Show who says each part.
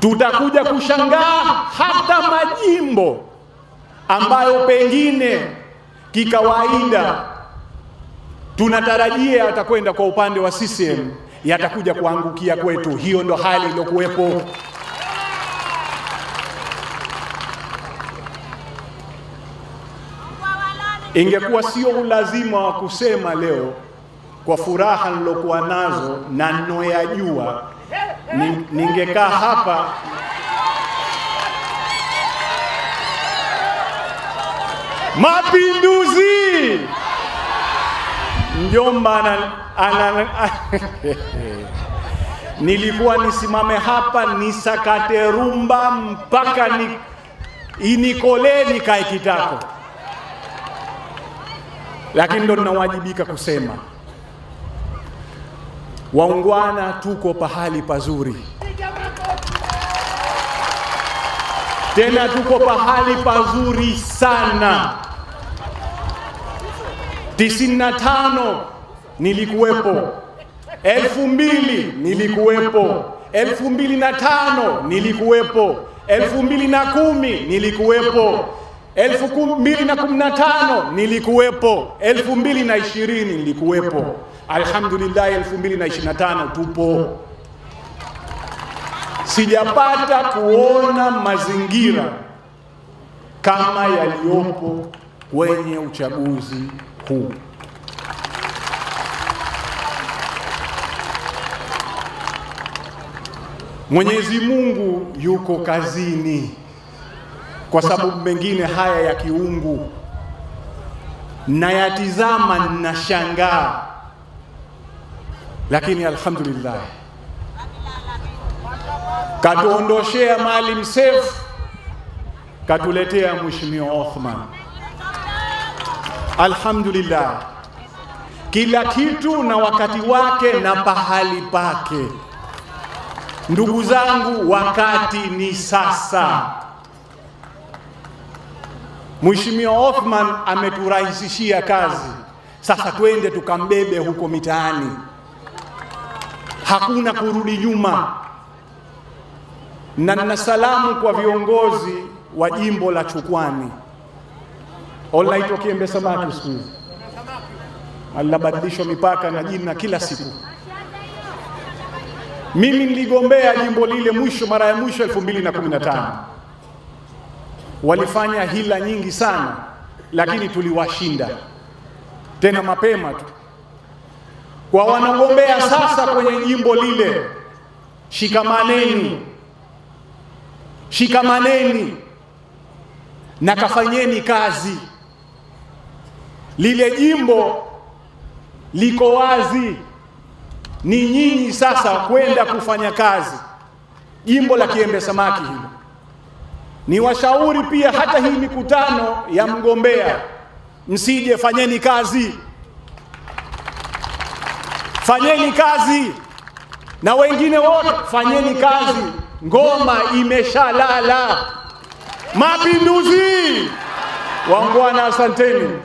Speaker 1: tutakuja kushangaa hata majimbo ambayo pengine kikawaida tunatarajia yatakwenda kwa upande wa CCM yatakuja kuangukia kwetu. Hiyo ndo hali iliyokuwepo. Ingekuwa sio ulazima wa kusema leo kwa furaha nilokuwa nazo na ninoyajua ningekaa hapa Mapinduzi! Mjomba ana, ana, nilikuwa nisimame hapa nisakate rumba mpaka ni, inikolee nikae kitako, lakini ndo ninawajibika kusema Waungwana, tuko pahali pazuri, tena tuko pahali pazuri sana. 95 nilikuwepo, elfu mbili nilikuwepo, elfu mbili na tano nilikuwepo, elfu mbili na kumi nilikuwepo, elfu mbili na kumi na tano nilikuwepo, elfu mbili na ishirini nilikuwepo. Alhamdulillah 2025 tupo. Sijapata kuona mazingira kama yaliyopo kwenye uchaguzi huu. Mwenyezi Mungu yuko kazini, kwa sababu mengine haya ya kiungu nayatizama, ninashangaa lakini alhamdulillah katuondoshea Maalim Seif, katuletea Mheshimiwa Othman. Alhamdulillah, kila kitu na wakati wake na pahali pake. Ndugu zangu, wakati ni sasa. Mheshimiwa Othman ameturahisishia kazi, sasa twende tukambebe huko mitaani hakuna kurudi nyuma. Na nina salamu kwa viongozi wa jimbo la Chukwani, olaitwa Kiembe Samaki siku hizi alibadilishwa mipaka na jina kila siku. Mimi niligombea jimbo lile mwisho, mara ya mwisho 2015 walifanya hila nyingi sana, lakini tuliwashinda tena mapema tu kwa wanagombea sasa kwenye jimbo lile, shikamaneni, shikamaneni na kafanyeni kazi. Lile jimbo liko wazi, ni nyinyi sasa kwenda kufanya kazi. Jimbo la Kiembe Samaki hilo ni washauri pia, hata hii mikutano ya mgombea msije, fanyeni kazi fanyeni kazi, na wengine wote fanyeni kazi. Ngoma imeshalala. Mapinduzi! Wangwana, asanteni.